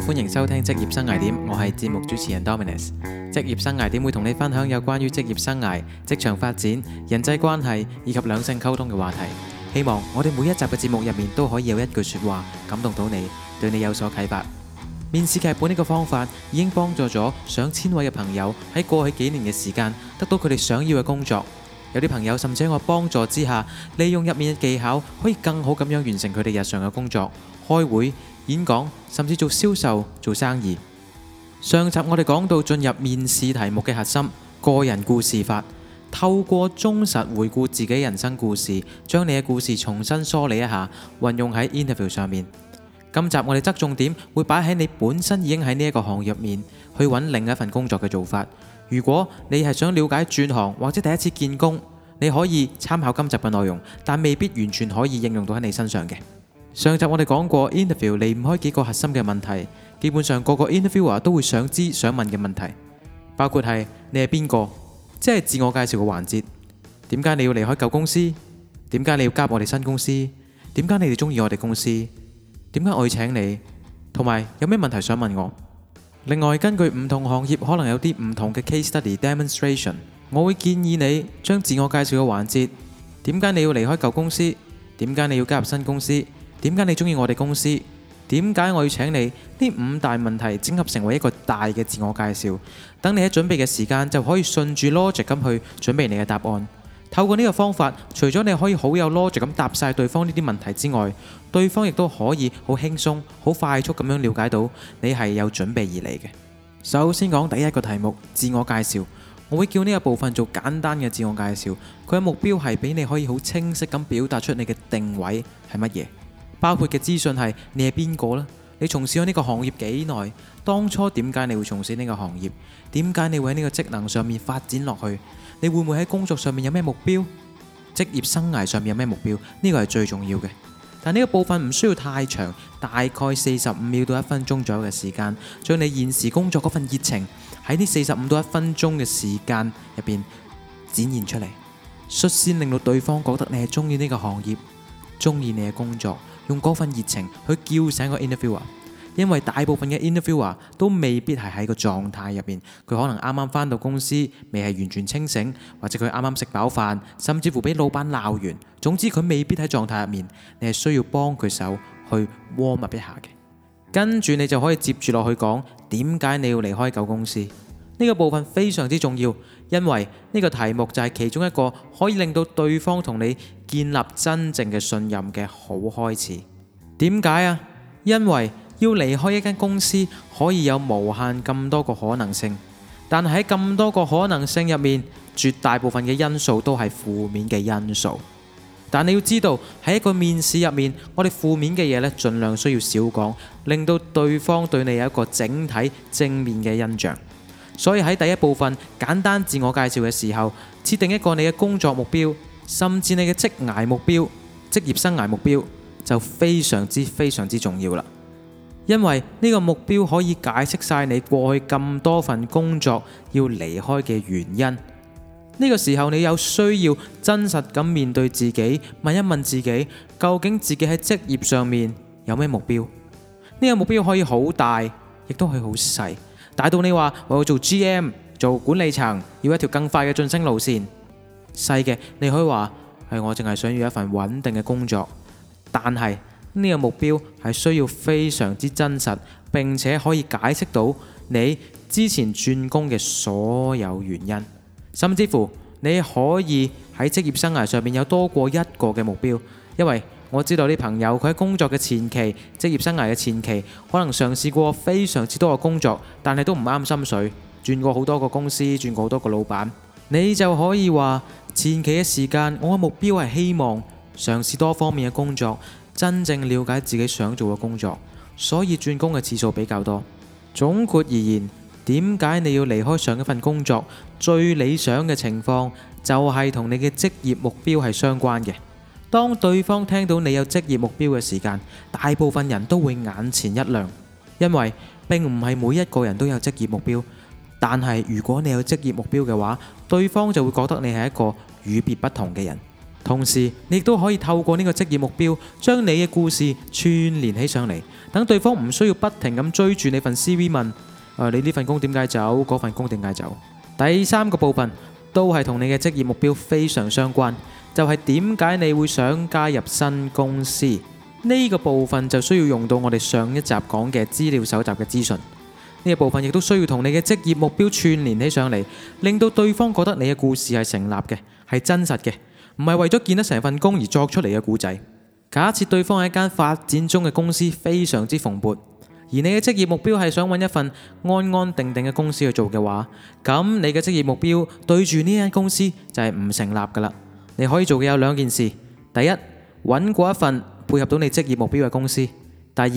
歡迎收聽職業生涯點，我係節目主持人 Dominus。職業生涯點會同你分享有關於職業生涯、職場發展、人際關係以及兩性溝通嘅話題。希望我哋每一集嘅節目入面都可以有一句說話感動到你，對你有所啟發。面試劇本呢個方法已經幫助咗上千位嘅朋友喺過去幾年嘅時間得到佢哋想要嘅工作。有啲朋友甚至喺我幫助之下，利用入面嘅技巧可以更好咁樣完成佢哋日常嘅工作、開會。演講，甚至做銷售、做生意。上集我哋講到進入面試題目嘅核心，個人故事法，透過忠實回顧自己人生故事，將你嘅故事重新梳理一下，運用喺 interview 上面。今集我哋側重點會擺喺你本身已經喺呢一個行業入面，去揾另一份工作嘅做法。如果你係想了解轉行或者第一次見工，你可以參考今集嘅內容，但未必完全可以應用到喺你身上嘅。上集我哋講過，interview 離唔開幾個核心嘅問題，基本上個個 interviewer 都會想知想問嘅問題，包括係你係邊個，即係自我介紹嘅環節。點解你要離開舊公司？點解你要加入我哋新公司？點解你哋中意我哋公司？點解我要請你？同埋有咩問題想問我？另外，根據唔同行業可能有啲唔同嘅 case study demonstration，我會建議你將自我介紹嘅環節，點解你要離開舊公司？點解你要加入新公司？點解你中意我哋公司？點解我要請你？呢五大問題整合成為一個大嘅自我介紹，等你喺準備嘅時間就可以順住邏輯咁去準備你嘅答案。透過呢個方法，除咗你可以好有邏輯咁答晒對方呢啲問題之外，對方亦都可以好輕鬆、好快速咁樣了解到你係有準備而嚟嘅。首先講第一個題目，自我介紹，我會叫呢個部分做簡單嘅自我介紹。佢嘅目標係俾你可以好清晰咁表達出你嘅定位係乜嘢。包括嘅資訊係你係邊個啦？你從事咗呢個行業幾耐？當初點解你會從事呢個行業？點解你會喺呢個職能上面發展落去？你會唔會喺工作上面有咩目標？職業生涯上面有咩目標？呢個係最重要嘅。但呢個部分唔需要太長，大概四十五秒到一分鐘左右嘅時間，將你現時工作嗰份熱情喺呢四十五到一分鐘嘅時間入邊展現出嚟，率先令到對方覺得你係中意呢個行業，中意你嘅工作。用嗰份熱情去叫醒個 interviewer，因為大部分嘅 interviewer 都未必係喺個狀態入面。佢可能啱啱翻到公司未係完全清醒，或者佢啱啱食飽飯，甚至乎俾老闆鬧完，總之佢未必喺狀態入面。你係需要幫佢手去 warm up 一下嘅，跟住你就可以接住落去講點解你要離開舊公司。呢個部分非常之重要，因為呢個題目就係其中一個可以令到對方同你建立真正嘅信任嘅好開始。點解啊？因為要離開一間公司可以有無限咁多個可能性，但喺咁多個可能性入面，絕大部分嘅因素都係負面嘅因素。但你要知道喺一個面試入面，我哋負面嘅嘢呢，盡量需要少講，令到對方對你有一個整體正面嘅印象。所以喺第一部分簡單自我介紹嘅時候，設定一個你嘅工作目標，甚至你嘅職涯目標、職業生涯目標，就非常之非常之重要啦。因為呢個目標可以解釋晒你過去咁多份工作要離開嘅原因。呢個時候你有需要真實咁面對自己，問一問自己，究竟自己喺職業上面有咩目標？呢個目標可以好大，亦都可以好細。大到你話我要做 GM 做管理層，要一條更快嘅晉升路線；細嘅你可以話係我淨係想要一份穩定嘅工作。但係呢個目標係需要非常之真實，並且可以解釋到你之前轉工嘅所有原因，甚至乎你可以喺職業生涯上面有多過一個嘅目標，因為。我知道啲朋友佢喺工作嘅前期，職業生涯嘅前期，可能嘗試過非常之多嘅工作，但係都唔啱心水，轉過好多個公司，轉過好多個老闆，你就可以話前期嘅時間，我嘅目標係希望嘗試多方面嘅工作，真正了解自己想做嘅工作，所以轉工嘅次數比較多。總括而言，點解你要離開上一份工作？最理想嘅情況就係同你嘅職業目標係相關嘅。當對方聽到你有職業目標嘅時間，大部分人都會眼前一亮，因為並唔係每一個人都有職業目標。但係如果你有職業目標嘅話，對方就會覺得你係一個與別不同嘅人。同時，你亦都可以透過呢個職業目標，將你嘅故事串聯起上嚟，等對方唔需要不停咁追住你份 CV 問，誒、呃，你呢份工點解走？嗰份工點解走？第三個部分都係同你嘅職業目標非常相關。就係點解你會想加入新公司。呢個部分，就需要用到我哋上一集講嘅資料搜集嘅資訊，呢個部分，亦都需要同你嘅職業目標串聯起上嚟，令到對方覺得你嘅故事係成立嘅，係真實嘅，唔係為咗見得成份工而作出嚟嘅故仔。假設對方係一間發展中嘅公司非常之蓬勃，而你嘅職業目標係想搵一份安安定定嘅公司去做嘅話，咁你嘅職業目標對住呢間公司就係唔成立噶啦。你可以做嘅有兩件事：第一，揾過一份配合到你職業目標嘅公司；第二，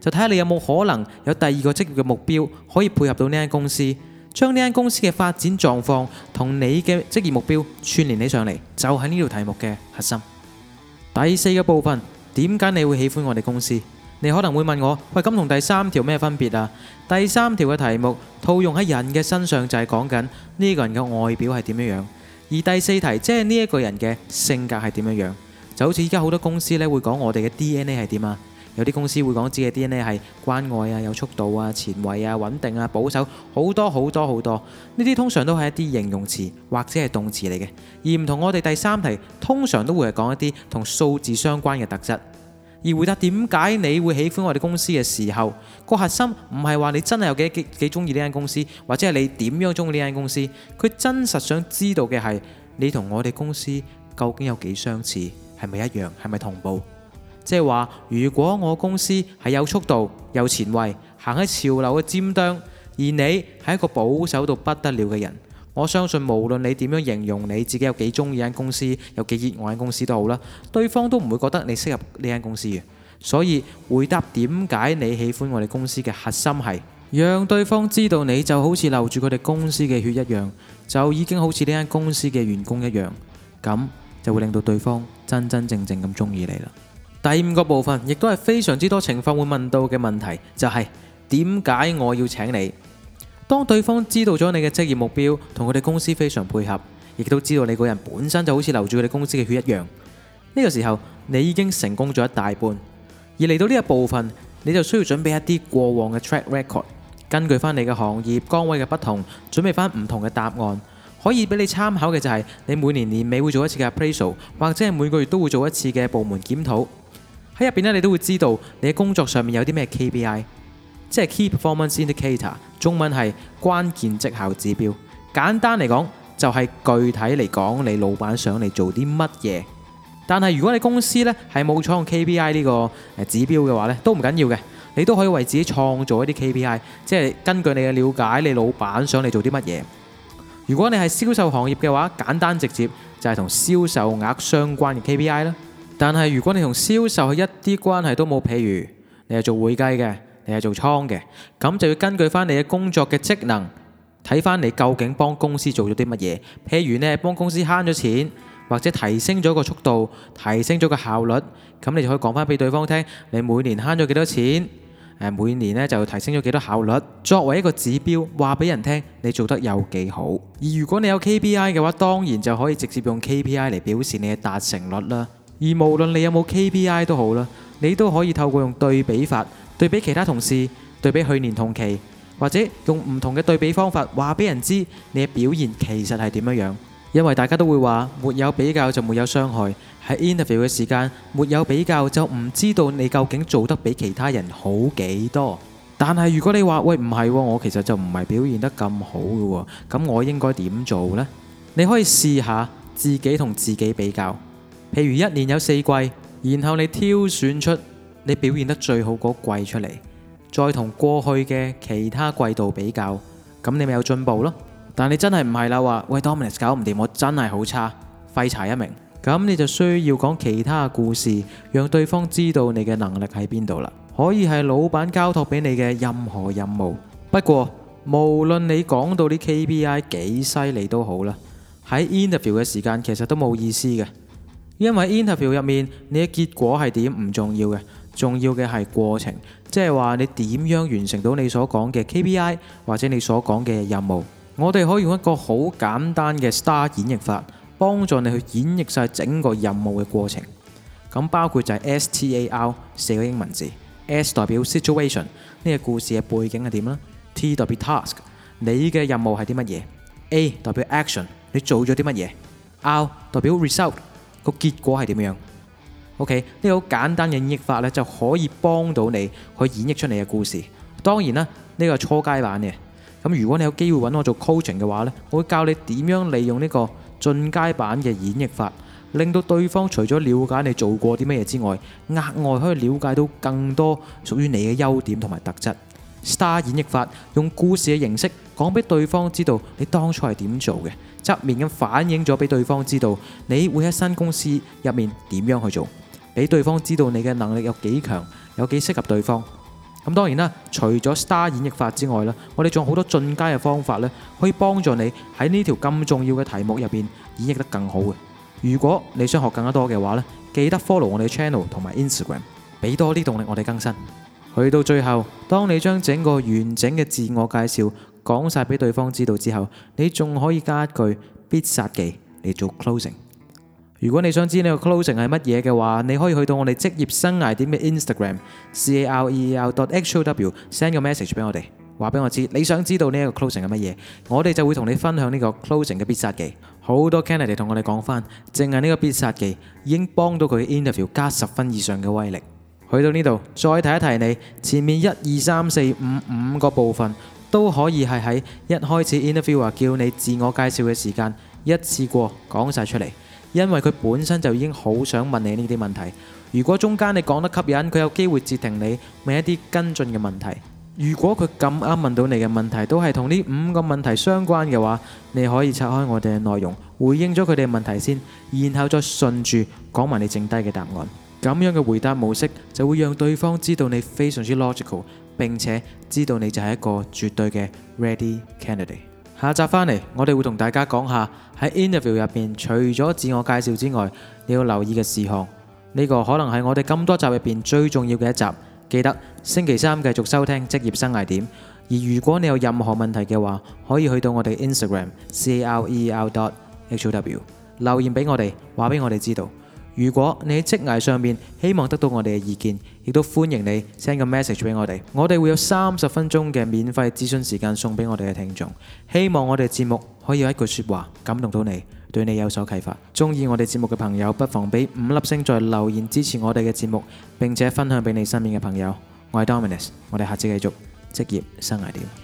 就睇下你有冇可能有第二個職業嘅目標可以配合到呢間公司，將呢間公司嘅發展狀況同你嘅職業目標串聯起上嚟，就係呢條題目嘅核心。第四個部分，點解你會喜歡我哋公司？你可能會問我：喂，咁同第三條咩分別啊？第三條嘅題目套用喺人嘅身上就係講緊呢個人嘅外表係點樣樣。而第四題即係呢一個人嘅性格係點樣樣？就好似依家好多公司咧會講我哋嘅 DNA 係點啊，有啲公司會講自己嘅 DNA 係關愛啊、有速度啊、前衛啊、穩定啊、保守，好多好多好多。呢啲通常都係一啲形容詞或者係動詞嚟嘅，而唔同我哋第三題通常都會係講一啲同數字相關嘅特質。而回答點解你會喜歡我哋公司嘅時候，個核心唔係話你真係有幾幾中意呢間公司，或者係你點樣中意呢間公司。佢真實想知道嘅係你同我哋公司究竟有幾相似，係咪一樣，係咪同步。即係話，如果我公司係有速度、有前衞，行喺潮流嘅尖端，而你係一個保守到不得了嘅人。我相信無論你點樣形容你自己有幾中意間公司，有幾熱愛間公司都好啦，對方都唔會覺得你適合呢間公司嘅。所以回答點解你喜歡我哋公司嘅核心係，讓對方知道你就好似留住佢哋公司嘅血一樣，就已經好似呢間公司嘅員工一樣，咁就會令到對方真真正正咁中意你啦。第五個部分，亦都係非常之多情況會問到嘅問題，就係點解我要請你？當對方知道咗你嘅職業目標同佢哋公司非常配合，亦都知道你個人本身就好似留住佢哋公司嘅血一樣。呢個時候你已經成功咗一大半。而嚟到呢一部分，你就需要準備一啲過往嘅 track record。根據翻你嘅行業崗位嘅不同，準備翻唔同嘅答案，可以俾你參考嘅就係你每年年尾會做一次嘅 appraisal，或者係每個月都會做一次嘅部門檢討。喺入邊呢，你都會知道你喺工作上面有啲咩 KPI。即係 key performance indicator，中文係關鍵績效指標。簡單嚟講，就係、是、具體嚟講，你老闆想你做啲乜嘢。但係如果你公司呢係冇採用 KPI 呢個指標嘅話呢都唔緊要嘅，你都可以為自己創造一啲 KPI，即係根據你嘅了解，你老闆想你做啲乜嘢。如果你係銷售行業嘅話，簡單直接就係同銷售額相關嘅 KPI 啦。但係如果你同銷售一啲關係都冇，譬如你係做會計嘅。你係做倉嘅，咁就要根據翻你嘅工作嘅職能，睇翻你究竟幫公司做咗啲乜嘢。譬如呢，幫公司慳咗錢，或者提升咗個速度，提升咗個效率，咁你就可以講翻俾對方聽。你每年慳咗幾多錢？誒，每年呢，就要提升咗幾多效率？作為一個指標，話俾人聽你做得有幾好。而如果你有 KPI 嘅話，當然就可以直接用 KPI 嚟表示你嘅達成率啦。而無論你有冇 KPI 都好啦，你都可以透過用對比法。對比其他同事，對比去年同期，或者用唔同嘅對比方法，話俾人知你嘅表現其實係點樣。因為大家都會話，沒有比較就沒有傷害。喺 Interview 嘅時間，沒有比較就唔知道你究竟做得比其他人好幾多。但係如果你話，喂唔係，我其實就唔係表現得咁好噶，咁我應該點做呢？你可以試下自己同自己比較，譬如一年有四季，然後你挑選出。你表現得最好嗰季出嚟，再同過去嘅其他季度比較，咁你咪有進步咯。但你真係唔係啦，話喂 Dominic 搞唔掂，我真係好差，廢柴一名，咁你就需要講其他故事，讓對方知道你嘅能力喺邊度啦。可以係老闆交託俾你嘅任何任務。不過無論你講到啲 KPI 幾犀利都好啦，喺 interview 嘅時間其實都冇意思嘅，因為 interview 入面你嘅結果係點唔重要嘅。重要嘅係過程，即係話你點樣完成到你所講嘅 KPI 或者你所講嘅任務。我哋可以用一個好簡單嘅 STAR 演繹法，幫助你去演繹晒整個任務嘅過程。咁包括就係 STAR 四個英文字，S 代表 situation，呢個故事嘅背景係點呢？T 代表 task，你嘅任務係啲乜嘢？A 代表 action，你做咗啲乜嘢？R 代表 result，個結果係點樣？O.K. 呢個好簡單嘅演繹法咧，就可以幫到你去演繹出你嘅故事。當然啦，呢個係初階版嘅。咁如果你有機會揾我做 coaching 嘅話咧，我會教你點樣利用呢個進階版嘅演繹法，令到對方除咗了，了解你做過啲乜嘢之外，額外可以了解到更多屬於你嘅優點同埋特質。Star 演繹法用故事嘅形式講俾對方知道你當初係點做嘅，側面咁反映咗俾對方知道你會喺新公司入面點樣去做。俾對方知道你嘅能力有幾強，有幾適合對方。咁當然啦，除咗 STAR 演繹法之外啦，我哋仲好多進階嘅方法咧，可以幫助你喺呢條咁重要嘅題目入邊演繹得更好嘅。如果你想學更加多嘅話咧，記得 follow 我哋 channel 同埋 Instagram，俾多啲動力我哋更新。去到最後，當你將整個完整嘅自我介紹講晒俾對方知道之後，你仲可以加一句必殺技嚟做 closing。如果你想知呢個 closing 係乜嘢嘅話，你可以去到我哋職業生涯點嘅 Instagram Career dot how send 個 message 俾我哋，話俾我知你想知道呢一個 closing 係乜嘢，我哋就會同你分享呢個 closing 嘅必殺技。好多 candidate 同我哋講返，淨係呢個必殺技已經幫到佢 interview 加十分以上嘅威力。去到呢度，再提一提你，前面一二三四五五個部分都可以係喺一開始 interviewer 叫你自我介紹嘅時間一次過講晒出嚟。因為佢本身就已經好想問你呢啲問題，如果中間你講得吸引，佢有機會截停你問一啲跟進嘅問題。如果佢咁啱問到你嘅問題都係同呢五個問題相關嘅話，你可以拆開我哋嘅內容，回應咗佢哋問題先，然後再順住講埋你剩低嘅答案。咁樣嘅回答模式就會讓對方知道你非常之 logical，並且知道你就係一個絕對嘅 ready candidate。下集翻嚟，我哋會同大家講下喺 interview 入邊除咗自我介紹之外，你要留意嘅事項。呢、這個可能係我哋咁多集入邊最重要嘅一集。記得星期三繼續收聽職業生涯點。而如果你有任何問題嘅話，可以去到我哋 Instagram Career.how 留言俾我哋，話俾我哋知道。如果你喺職涯上面希望得到我哋嘅意見，亦都歡迎你 send 個 message 俾我哋。我哋會有三十分鐘嘅免費諮詢時間送俾我哋嘅聽眾。希望我哋節目可以有一句説話感動到你，對你有所啟發。中意我哋節目嘅朋友，不妨俾五粒星再留言支持我哋嘅節目，並且分享俾你身邊嘅朋友。我係 Dominus，我哋下次繼續職業生涯點。